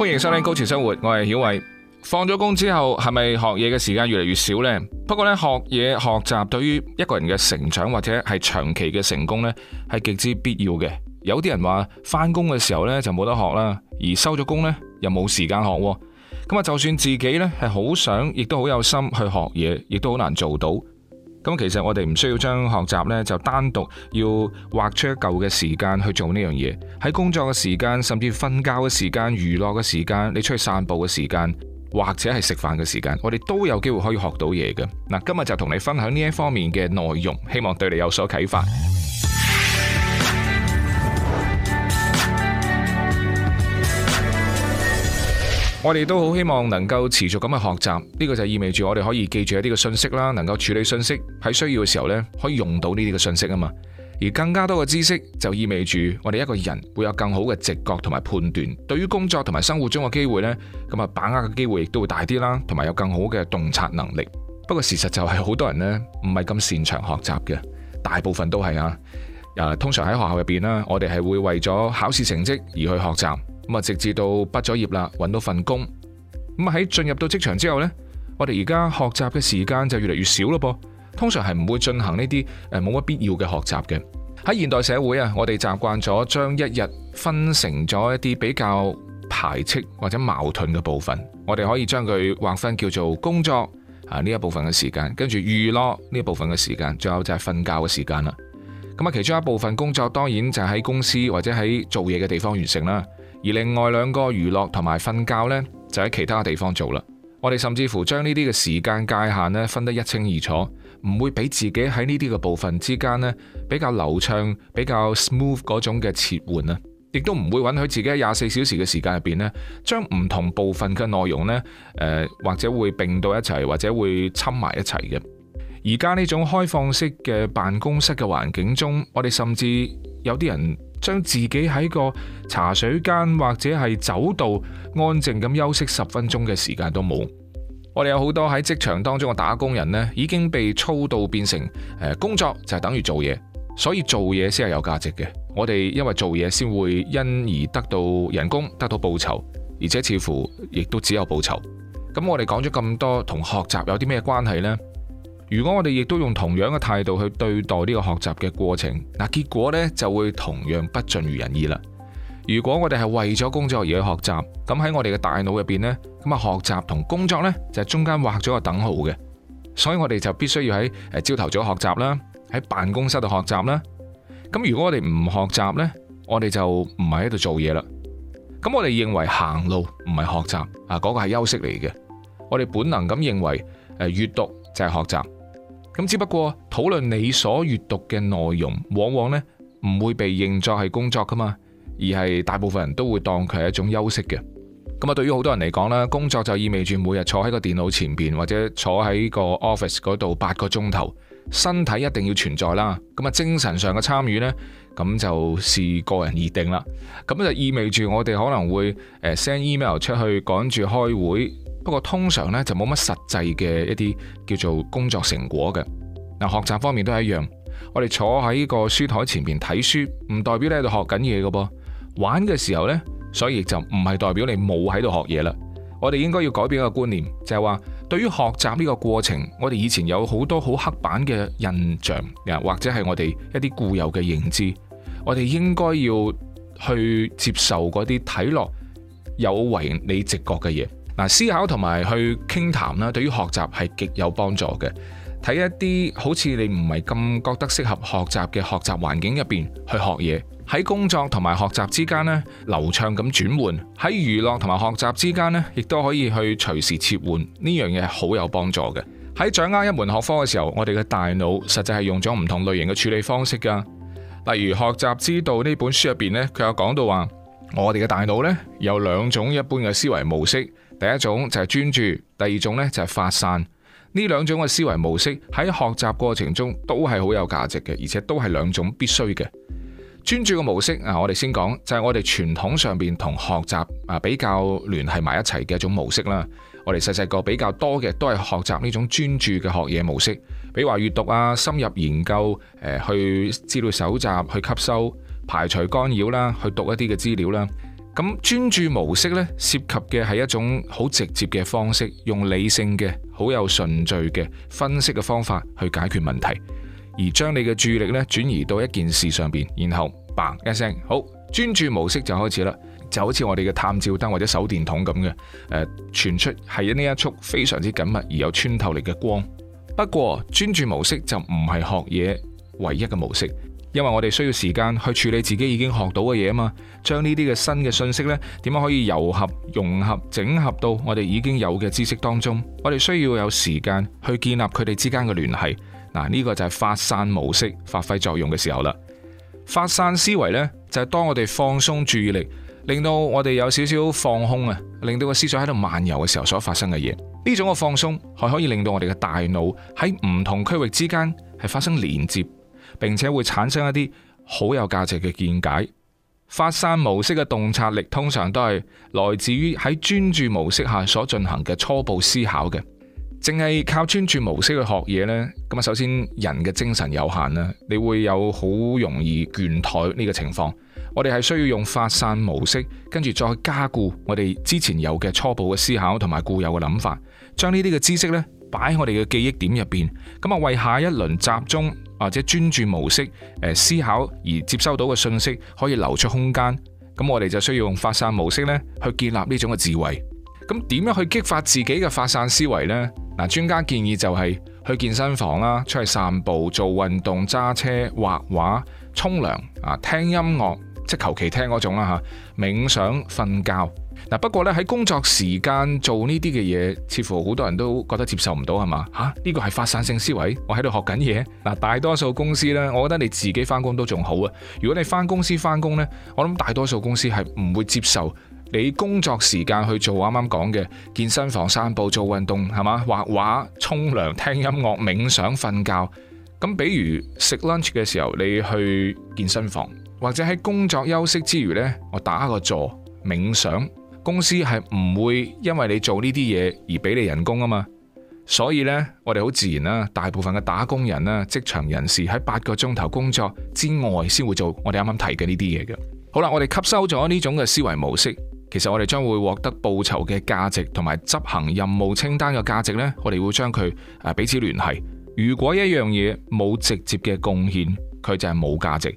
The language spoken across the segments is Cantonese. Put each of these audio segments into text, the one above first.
歡迎收聽，高潮生活，我係曉偉。放咗工之後，係咪學嘢嘅時間越嚟越少呢？不過咧，學嘢學習對於一個人嘅成長或者係長期嘅成功咧，係極之必要嘅。有啲人話翻工嘅時候咧就冇得學啦，而收咗工咧又冇時間學。咁啊，就算自己咧係好想，亦都好有心去學嘢，亦都好難做到。咁其實我哋唔需要將學習呢就單獨要劃出一嚿嘅時間去做呢樣嘢，喺工作嘅時間，甚至瞓覺嘅時間、娛樂嘅時間、你出去散步嘅時間，或者係食飯嘅時間，我哋都有機會可以學到嘢嘅。嗱，今日就同你分享呢一方面嘅內容，希望對你有所啟發。我哋都好希望能夠持續咁去學習，呢個就意味住我哋可以記住一啲嘅信息啦，能夠處理信息，喺需要嘅時候咧，可以用到呢啲嘅信息啊嘛。而更加多嘅知識就意味住我哋一個人會有更好嘅直覺同埋判斷，對於工作同埋生活中嘅機會咧，咁啊，把握嘅機會亦都會大啲啦，同埋有更好嘅洞察能力。不過事實就係好多人咧唔係咁擅長學習嘅，大部分都係啊，啊，通常喺學校入邊啦，我哋係會為咗考試成績而去學習。咁啊，直至到畢咗業啦，揾到份工咁啊。喺進入到職場之後呢，我哋而家學習嘅時間就越嚟越少咯。噃通常係唔會進行呢啲誒冇乜必要嘅學習嘅。喺現代社會啊，我哋習慣咗將一日分成咗一啲比較排斥或者矛盾嘅部分。我哋可以將佢劃分叫做工作啊呢一部分嘅時間，跟住娛樂呢一部分嘅時間，最後就係瞓覺嘅時間啦。咁啊，其中一部分工作當然就喺公司或者喺做嘢嘅地方完成啦。而另外兩個娛樂同埋瞓覺呢，就喺其他地方做啦。我哋甚至乎將呢啲嘅時間界限呢，分得一清二楚，唔會俾自己喺呢啲嘅部分之間呢比較流暢、比較 smooth 嗰種嘅切換啊，亦都唔會允許自己喺廿四小時嘅時間入邊呢，將唔同部分嘅內容呢，誒、呃、或者會並到一齊，或者會侵埋一齊嘅。而家呢種開放式嘅辦公室嘅環境中，我哋甚至有啲人，將自己喺個茶水間或者係走道安靜咁休息十分鐘嘅時間都冇。我哋有好多喺職場當中嘅打工人呢，已經被操到變成、呃、工作就係等於做嘢，所以做嘢先係有價值嘅。我哋因為做嘢先會因而得到人工，得到報酬，而且似乎亦都只有報酬。咁我哋講咗咁多，同學習有啲咩關係呢？如果我哋亦都用同樣嘅態度去對待呢個學習嘅過程，嗱，結果呢就會同樣不盡如人意啦。如果我哋係為咗工作而去學習，咁喺我哋嘅大腦入邊呢，咁啊學習同工作呢就係中間畫咗個等號嘅，所以我哋就必須要喺誒朝頭早學習啦，喺辦公室度學習啦。咁如果我哋唔學習呢，我哋就唔係喺度做嘢啦。咁我哋認為行路唔係學習啊，嗰個係休息嚟嘅。我哋本能咁認為誒，閱讀就係學習。咁只不過討論你所閱讀嘅內容，往往呢，唔會被認作係工作噶嘛，而係大部分人都會當佢係一種休息嘅。咁啊，對於好多人嚟講啦，工作就意味住每日坐喺個電腦前邊或者坐喺個 office 嗰度八個鐘頭，身體一定要存在啦。咁啊，精神上嘅參與呢，咁就視個人而定啦。咁就意味住我哋可能會誒 send email 出去，趕住開會。不過通常咧就冇乜實際嘅一啲叫做工作成果嘅嗱，學習方面都係一樣。我哋坐喺個書台前面睇書，唔代表你喺度學緊嘢噶噃。玩嘅時候呢，所以就唔係代表你冇喺度學嘢啦。我哋應該要改變一個觀念，就係話對於學習呢個過程，我哋以前有好多好刻板嘅印象，或者係我哋一啲固有嘅認知，我哋應該要去接受嗰啲睇落有違你直覺嘅嘢。嗱，思考同埋去傾談啦，對於學習係極有幫助嘅。睇一啲好似你唔係咁覺得適合學習嘅學習環境入邊去學嘢，喺工作同埋學習之間咧流暢咁轉換，喺娛樂同埋學習之間咧，亦都可以去隨時切換呢樣嘢，好有幫助嘅。喺掌握一門學科嘅時候，我哋嘅大腦實際係用咗唔同類型嘅處理方式噶。例如學習之道呢本書入邊咧，佢有講到話，我哋嘅大腦呢，有兩種一般嘅思維模式。第一種就係專注，第二種呢就係發散。呢兩種嘅思維模式喺學習過程中都係好有價值嘅，而且都係兩種必須嘅。專注嘅模式啊，我哋先講就係、是、我哋傳統上邊同學習啊比較聯繫埋一齊嘅一種模式啦。我哋細細個比較多嘅都係學習呢種專注嘅學嘢模式，比如話閲讀啊、深入研究、去資料搜集、去吸收、排除干擾啦、去讀一啲嘅資料啦。咁專注模式呢，涉及嘅係一種好直接嘅方式，用理性嘅、好有順序嘅分析嘅方法去解決問題，而將你嘅注意力呢轉移到一件事上邊，然後砰一聲，好專注模式就開始啦，就好似我哋嘅探照燈或者手電筒咁嘅，誒、呃，傳出係呢一束非常之緊密而有穿透力嘅光。不過專注模式就唔係學嘢唯一嘅模式。因為我哋需要時間去處理自己已經學到嘅嘢啊嘛，將呢啲嘅新嘅信息呢，點樣可以糅合、融合、整合到我哋已經有嘅知識當中？我哋需要有時間去建立佢哋之間嘅聯繫。嗱，呢個就係發散模式發揮作用嘅時候啦。發散思維呢，就係當我哋放鬆注意力，令到我哋有少少放空啊，令到個思想喺度漫游嘅時候所發生嘅嘢。呢種嘅放鬆，係可以令到我哋嘅大腦喺唔同區域之間係發生連接。並且會產生一啲好有價值嘅見解。發散模式嘅洞察力通常都係來自於喺專注模式下所進行嘅初步思考嘅。淨係靠專注模式去學嘢呢，咁啊，首先人嘅精神有限啦，你會有好容易倦怠呢個情況。我哋係需要用發散模式，跟住再加固我哋之前有嘅初步嘅思考同埋固有嘅諗法，將呢啲嘅知識呢擺喺我哋嘅記憶點入邊，咁啊，為下一輪集中。或者專注模式，誒，思考而接收到嘅信息可以留出空間，咁我哋就需要用發散模式咧去建立呢種嘅智慧。咁點樣去激發自己嘅發散思維呢？嗱，專家建議就係去健身房啦，出去散步、做運動、揸車、畫畫、沖涼啊、聽音樂，即係求其聽嗰種啦嚇，冥想、瞓覺。嗱，不過咧，喺工作時間做呢啲嘅嘢，似乎好多人都覺得接受唔到，係嘛？吓，呢個係發散性思維。我喺度學緊嘢。嗱，大多數公司呢，我覺得你自己返工都仲好啊。如果你翻公司翻工呢，我諗大多數公司係唔會接受你工作時間去做啱啱講嘅健身房、散步、做運動，係嘛？畫畫、沖涼、聽音樂、冥想、瞓覺咁。比如食 lunch 嘅時候，你去健身房，或者喺工作休息之餘呢，我打下個坐冥想。公司係唔會因為你做呢啲嘢而俾你人工啊嘛，所以呢，我哋好自然啦，大部分嘅打工人啦、職場人士喺八個鐘頭工作之外先會做我哋啱啱提嘅呢啲嘢嘅。好啦，我哋吸收咗呢種嘅思維模式，其實我哋將會獲得報酬嘅價值同埋執行任務清單嘅價值呢，我哋會將佢誒彼此聯繫。如果一樣嘢冇直接嘅貢獻，佢就係冇價值。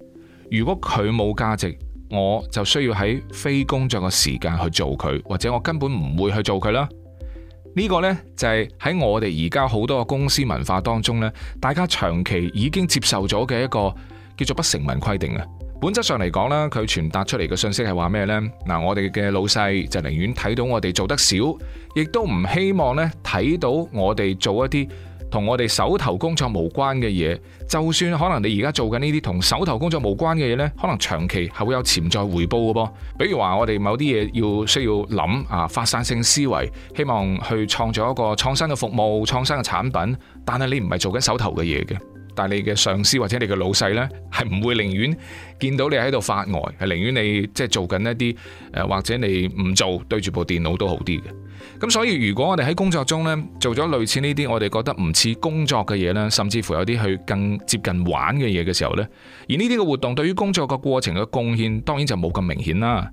如果佢冇價值。我就需要喺非工作嘅時間去做佢，或者我根本唔會去做佢啦。呢個呢，就係喺我哋而家好多嘅公司文化當中呢，大家長期已經接受咗嘅一個叫做不成文規定啊。本質上嚟講咧，佢傳達出嚟嘅信息係話咩呢？嗱，我哋嘅老細就寧願睇到我哋做得少，亦都唔希望呢睇到我哋做一啲。同我哋手頭工作無關嘅嘢，就算可能你而家做緊呢啲同手頭工作無關嘅嘢，呢可能長期係會有潛在回報噶噃。比如話我哋某啲嘢要需要諗啊，發散性思維，希望去創造一個創新嘅服務、創新嘅產品，但係你唔係做緊手頭嘅嘢嘅。但你嘅上司或者你嘅老細呢，係唔會寧願見到你喺度發呆，係寧願你即係做緊一啲誒，或者你唔做對住部電腦都好啲嘅。咁所以如果我哋喺工作中呢，做咗類似呢啲我哋覺得唔似工作嘅嘢咧，甚至乎有啲去更接近玩嘅嘢嘅時候呢，而呢啲嘅活動對於工作個過程嘅貢獻當然就冇咁明顯啦。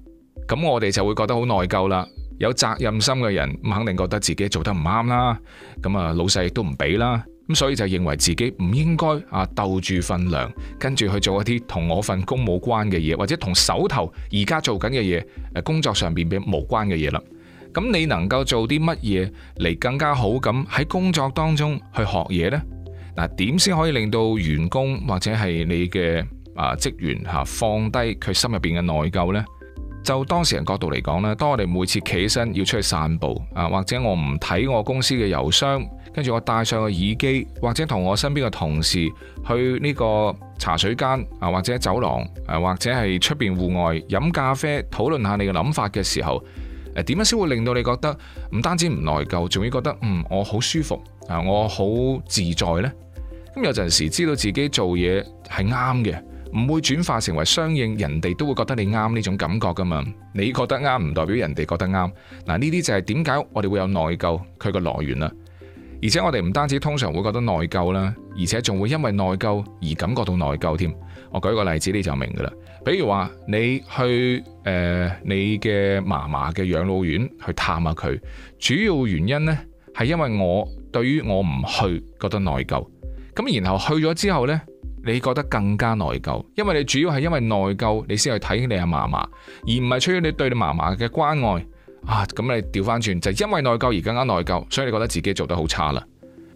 咁我哋就會覺得好內疚啦，有責任心嘅人肯定覺得自己做得唔啱啦。咁啊，老細亦都唔俾啦。咁所以就認為自己唔應該啊，鬥住份糧，跟住去做一啲同我份工冇關嘅嘢，或者同手頭而家做緊嘅嘢誒工作上邊冇關嘅嘢啦。咁你能夠做啲乜嘢嚟更加好咁喺工作當中去學嘢呢？嗱，點先可以令到員工或者係你嘅啊職員嚇放低佢心入面嘅內疚呢？就當事人角度嚟講呢，當我哋每次企起身要出去散步啊，或者我唔睇我公司嘅郵箱。跟住我戴上個耳機，或者同我身邊嘅同事去呢個茶水間啊，或者走廊啊，或者係出邊戶外飲咖啡，討論下你嘅諗法嘅時候，點樣先會令到你覺得唔單止唔內疚，仲會覺得嗯我好舒服啊，我好自在呢？咁有陣時知道自己做嘢係啱嘅，唔會轉化成為相應人哋都會覺得你啱呢種感覺噶嘛。你覺得啱唔代表人哋覺得啱嗱？呢啲就係點解我哋會有內疚佢個來源啦。而且我哋唔單止通常會覺得內疚啦，而且仲會因為內疚而感覺到內疚添。我舉個例子你就明噶啦比如話你去誒、呃、你嘅嫲嫲嘅養老院去探下佢，主要原因呢係因為我對於我唔去覺得內疚，咁然後去咗之後呢，你覺得更加內疚，因為你主要係因為內疚你先去睇你阿嫲嫲，而唔係出於你對你嫲嫲嘅關愛。啊，咁你調翻轉就因為內疚而更加內疚，所以你覺得自己做得好差啦。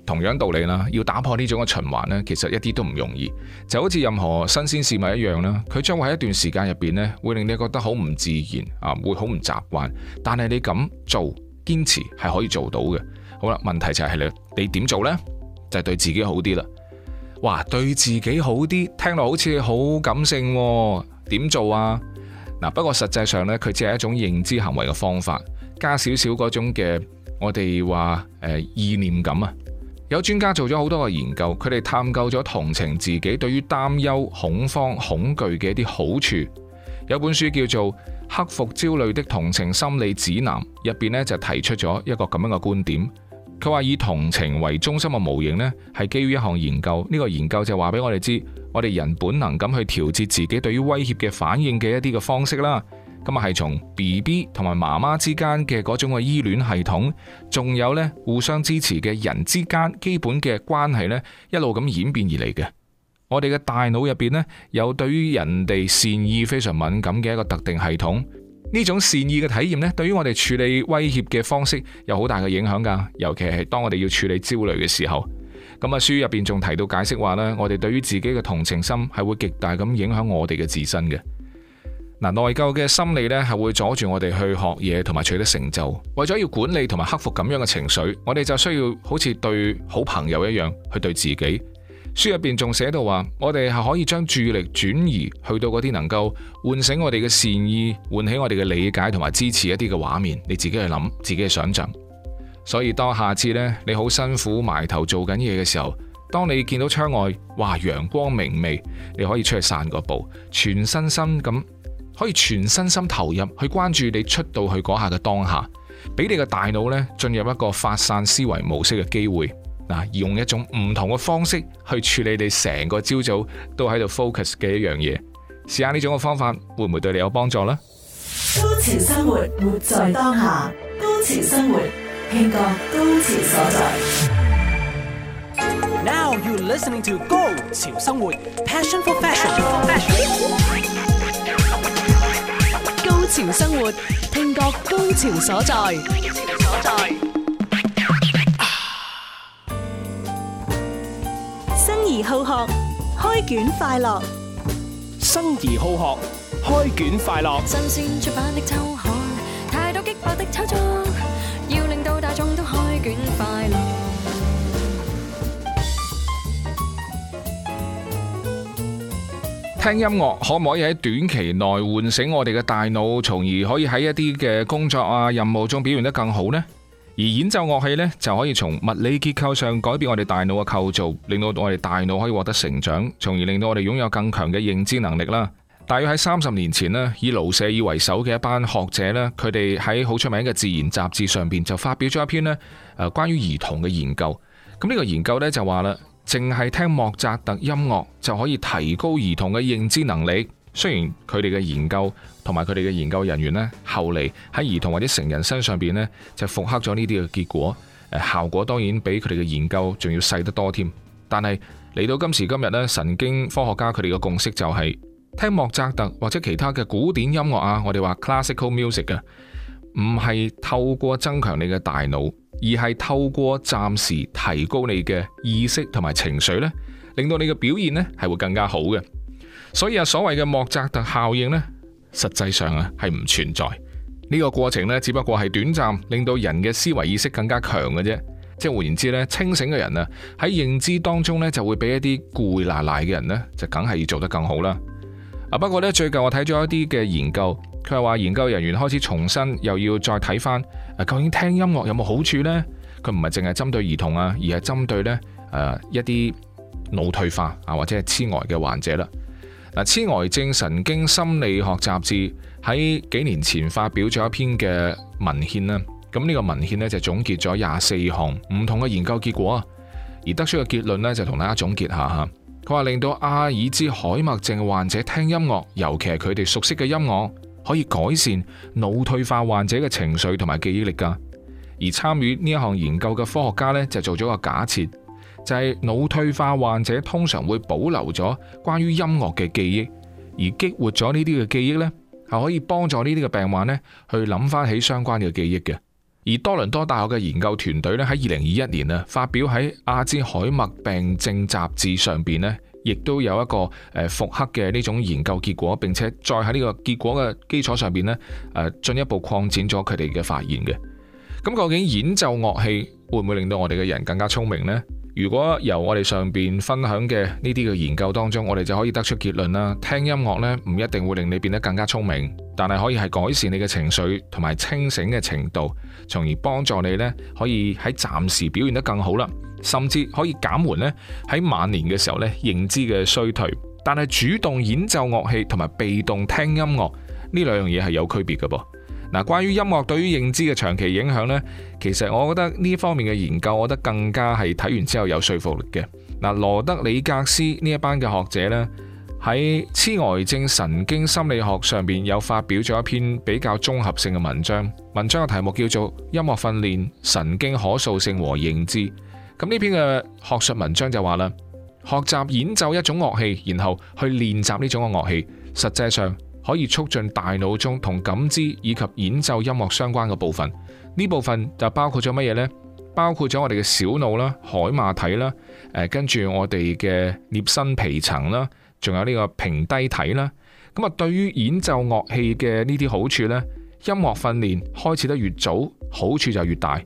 同樣道理啦，要打破呢種嘅循環呢，其實一啲都唔容易。就好似任何新鮮事物一樣啦，佢將會喺一段時間入邊呢，會令你覺得好唔自然啊，會好唔習慣。但係你咁做堅持係可以做到嘅。好啦，問題就係你你點做呢？就係對自己好啲啦。哇，對自己好啲，聽落好似好感性，啊，點做啊？嗱，不過實際上咧，佢只係一種認知行為嘅方法，加少少嗰種嘅我哋話、呃、意念感啊。有專家做咗好多個研究，佢哋探究咗同情自己對於擔憂、恐慌、恐懼嘅一啲好處。有本書叫做《克服焦慮的同情心理指南》，入邊就提出咗一個咁樣嘅觀點。佢話以同情為中心嘅模型呢，係基於一項研究。呢個研究就話俾我哋知，我哋人本能咁去調節自己對於威脅嘅反應嘅一啲嘅方式啦。咁啊，係從 BB 同埋媽媽之間嘅嗰種嘅依戀系統，仲有呢互相支持嘅人之間基本嘅關係呢，一路咁演變而嚟嘅。我哋嘅大腦入邊呢，有對於人哋善意非常敏感嘅一個特定系統。呢種善意嘅體驗咧，對於我哋處理威脅嘅方式有好大嘅影響噶，尤其係當我哋要處理焦慮嘅時候。咁啊，書入邊仲提到解釋話呢，我哋對於自己嘅同情心係會極大咁影響我哋嘅自身嘅。嗱，內疚嘅心理呢係會阻住我哋去學嘢同埋取得成就。為咗要管理同埋克服咁樣嘅情緒，我哋就需要好似對好朋友一樣去對自己。書入邊仲寫到話，我哋係可以將注意力轉移去到嗰啲能夠喚醒我哋嘅善意，喚起我哋嘅理解同埋支持一啲嘅畫面。你自己去諗，自己去想象。所以當下次呢，你好辛苦埋頭做緊嘢嘅時候，當你見到窗外，哇，陽光明媚，你可以出去散個步，全身心咁，可以全身心投入去關注你出到去嗰下嘅當下，俾你嘅大腦呢進入一個發散思維模式嘅機會。嗱，用一種唔同嘅方式去處理你成個朝早都喺度 focus 嘅一樣嘢，試下呢種嘅方法會唔會對你有幫助呢？高潮生活，活在當下。高潮生活，聽覺高潮所在。Now you're listening to 高潮生活，Passion for Fashion。高潮生活，聽覺高潮所在。高潮好學，開卷快樂。生而好學，開卷快樂。新鮮出版的周刊，太多激烈的炒作，要令到大眾都開卷快樂。聽音樂可唔可以喺短期內喚醒我哋嘅大腦，從而可以喺一啲嘅工作啊任務中表現得更好呢？而演奏樂器呢，就可以從物理結構上改變我哋大腦嘅構造，令到我哋大腦可以獲得成長，從而令到我哋擁有更強嘅認知能力啦。大約喺三十年前呢，以盧舍爾為首嘅一班學者呢，佢哋喺好出名嘅《自然》雜誌上邊就發表咗一篇呢誒關於兒童嘅研究。咁、這、呢個研究呢，就話啦，淨係聽莫扎特音樂就可以提高兒童嘅認知能力。雖然佢哋嘅研究同埋佢哋嘅研究人員咧，後嚟喺兒童或者成人身上邊咧，就複刻咗呢啲嘅結果，效果當然比佢哋嘅研究仲要細得多添。但係嚟到今時今日咧，神經科學家佢哋嘅共識就係聽莫扎特或者其他嘅古典音樂啊，我哋話 classical music 嘅，唔係透過增強你嘅大腦，而係透過暫時提高你嘅意識同埋情緒咧，令到你嘅表現咧係會更加好嘅。所以啊，所謂嘅莫扎特效應呢，實際上啊係唔存在。呢個過程呢，只不過係短暫，令到人嘅思維意識更加強嘅啫。即係換言之咧，清醒嘅人啊，喺認知當中呢，就會比一啲攰賴賴嘅人呢，就梗係要做得更好啦。啊，不過呢，最近我睇咗一啲嘅研究，佢係話研究人員開始重新又要再睇翻究竟聽音樂有冇好處呢？佢唔係淨係針對兒童啊，而係針對呢誒一啲腦退化啊或者係痴呆嘅患者啦。嗱，痴呆症神經心理學雜誌喺幾年前發表咗一篇嘅文獻啦，咁呢個文獻呢，就總結咗廿四項唔同嘅研究結果啊，而得出嘅結論呢，就同大家總結下嚇。佢話令到阿爾茲海默症的患者聽音樂，尤其係佢哋熟悉嘅音樂，可以改善腦退化患者嘅情緒同埋記憶力㗎。而參與呢一項研究嘅科學家呢，就做咗個假設。就係、是、腦退化患者通常會保留咗關於音樂嘅記憶，而激活咗呢啲嘅記憶呢，係可以幫助呢啲嘅病患呢去諗翻起相關嘅記憶嘅。而多倫多大學嘅研究團隊呢，喺二零二一年啊，發表喺《阿茲海默病症》雜誌上邊呢，亦都有一個誒複、呃、刻嘅呢種研究結果，並且再喺呢個結果嘅基礎上邊呢，誒、呃、進一步擴展咗佢哋嘅發現嘅。咁究竟演奏樂器會唔會令到我哋嘅人更加聰明呢？如果由我哋上邊分享嘅呢啲嘅研究當中，我哋就可以得出結論啦。聽音樂呢，唔一定會令你變得更加聰明，但係可以係改善你嘅情緒同埋清醒嘅程度，從而幫助你呢可以喺暫時表現得更好啦，甚至可以減緩呢喺晚年嘅時候呢認知嘅衰退。但係主動演奏樂器同埋被動聽音樂呢兩樣嘢係有區別嘅噃。嗱，關於音樂對於認知嘅長期影響呢，其實我覺得呢方面嘅研究，我覺得更加係睇完之後有說服力嘅。嗱，羅德里格斯呢一班嘅學者呢，喺痴呆症神經心理學上邊有發表咗一篇比較綜合性嘅文章。文章嘅題目叫做《音樂訓練、神經可塑性和認知》。咁呢篇嘅學術文章就話啦，學習演奏一種樂器，然後去練習呢種嘅樂器，實際上，可以促進大腦中同感知以及演奏音樂相關嘅部分，呢部分就包括咗乜嘢呢？包括咗我哋嘅小腦啦、海馬體啦、誒跟住我哋嘅顳葉皮層啦，仲有呢個胼胝體啦。咁啊，對於演奏樂器嘅呢啲好處呢，音樂訓練開始得越早，好處就越大。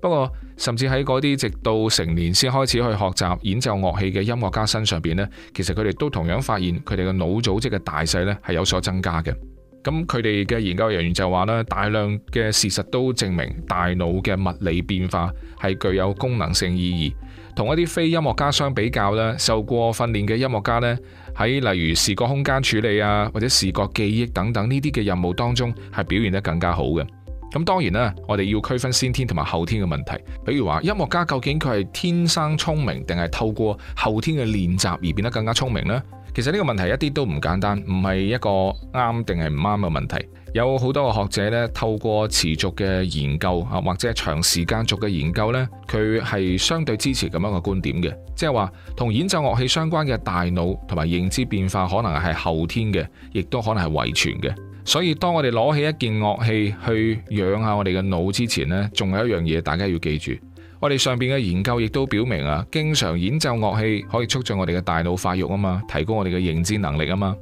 不過，甚至喺嗰啲直到成年先開始去學習演奏樂器嘅音樂家身上邊咧，其實佢哋都同樣發現，佢哋嘅腦組織嘅大細咧係有所增加嘅。咁佢哋嘅研究人員就話呢，大量嘅事實都證明大腦嘅物理變化係具有功能性意義。同一啲非音樂家相比較咧，受過訓練嘅音樂家咧喺例如視覺空間處理啊，或者視覺記憶等等呢啲嘅任務當中係表現得更加好嘅。咁當然啦，我哋要區分先天同埋後天嘅問題。比如話，音樂家究竟佢係天生聰明，定係透過後天嘅練習而變得更加聰明呢？其實呢個問題一啲都唔簡單，唔係一個啱定係唔啱嘅問題。有好多個學者呢，透過持續嘅研究啊，或者係長時間做嘅研究呢，佢係相對支持咁樣嘅觀點嘅，即係話同演奏樂器相關嘅大腦同埋認知變化，可能係後天嘅，亦都可能係遺傳嘅。所以，當我哋攞起一件樂器去養下我哋嘅腦之前呢，仲有一樣嘢大家要記住。我哋上邊嘅研究亦都表明啊，經常演奏樂器可以促進我哋嘅大腦發育啊嘛，提高我哋嘅認知能力啊嘛。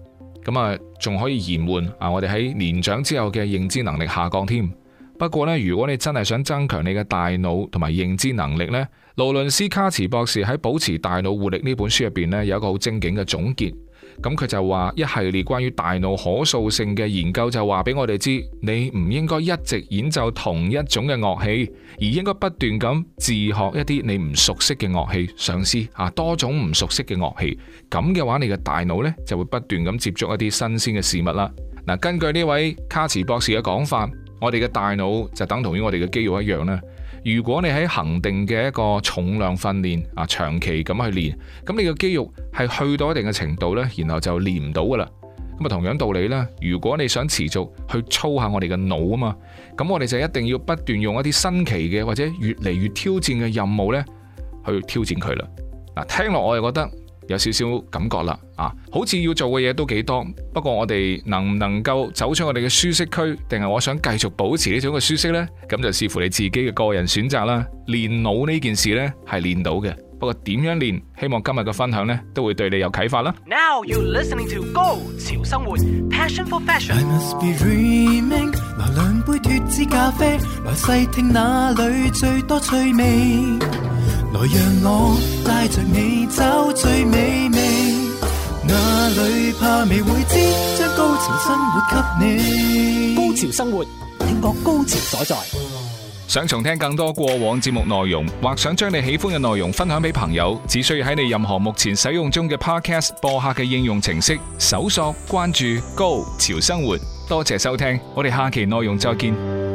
咁啊，仲可以延緩啊我哋喺年長之後嘅認知能力下降添。不過呢，如果你真係想增強你嘅大腦同埋認知能力呢，勞倫斯卡茨博士喺《保持大腦活力》呢本書入邊呢，有一個好正經嘅總結。咁佢就話，一系列關於大腦可塑性嘅研究就話俾我哋知，你唔應該一直演奏同一種嘅樂器，而應該不斷咁自學一啲你唔熟悉嘅樂器上司，啊，多種唔熟悉嘅樂器，咁嘅話你嘅大腦呢，就會不斷咁接觸一啲新鮮嘅事物啦。嗱，根據呢位卡茨博士嘅講法，我哋嘅大腦就等同於我哋嘅肌肉一樣啦。如果你喺恆定嘅一個重量訓練啊，長期咁去練，咁你嘅肌肉係去到一定嘅程度呢，然後就練唔到噶啦。咁啊，同樣道理啦，如果你想持續去操下我哋嘅腦啊嘛，咁我哋就一定要不斷用一啲新奇嘅或者越嚟越挑戰嘅任務呢去挑戰佢啦。嗱，聽落我又覺得。有少少感覺啦，啊，好似要做嘅嘢都幾多，不過我哋能唔能夠走出我哋嘅舒適區，定係我想繼續保持呢種嘅舒適呢？咁就視乎你自己嘅個人選擇啦。練腦呢件事呢係練到嘅，不過點樣練？希望今日嘅分享呢都會對你有啟發啦。Now 來讓我帶着你走最美味，哪裏怕未會知，將高潮生活給你。高潮生活，聽覺高潮所在。想重聽更多過往節目內容，或想將你喜歡嘅內容分享俾朋友，只需要喺你任何目前使用中嘅 Podcast 播客嘅應用程式搜索、關注“高潮生活”。多謝收聽，我哋下期內容再見。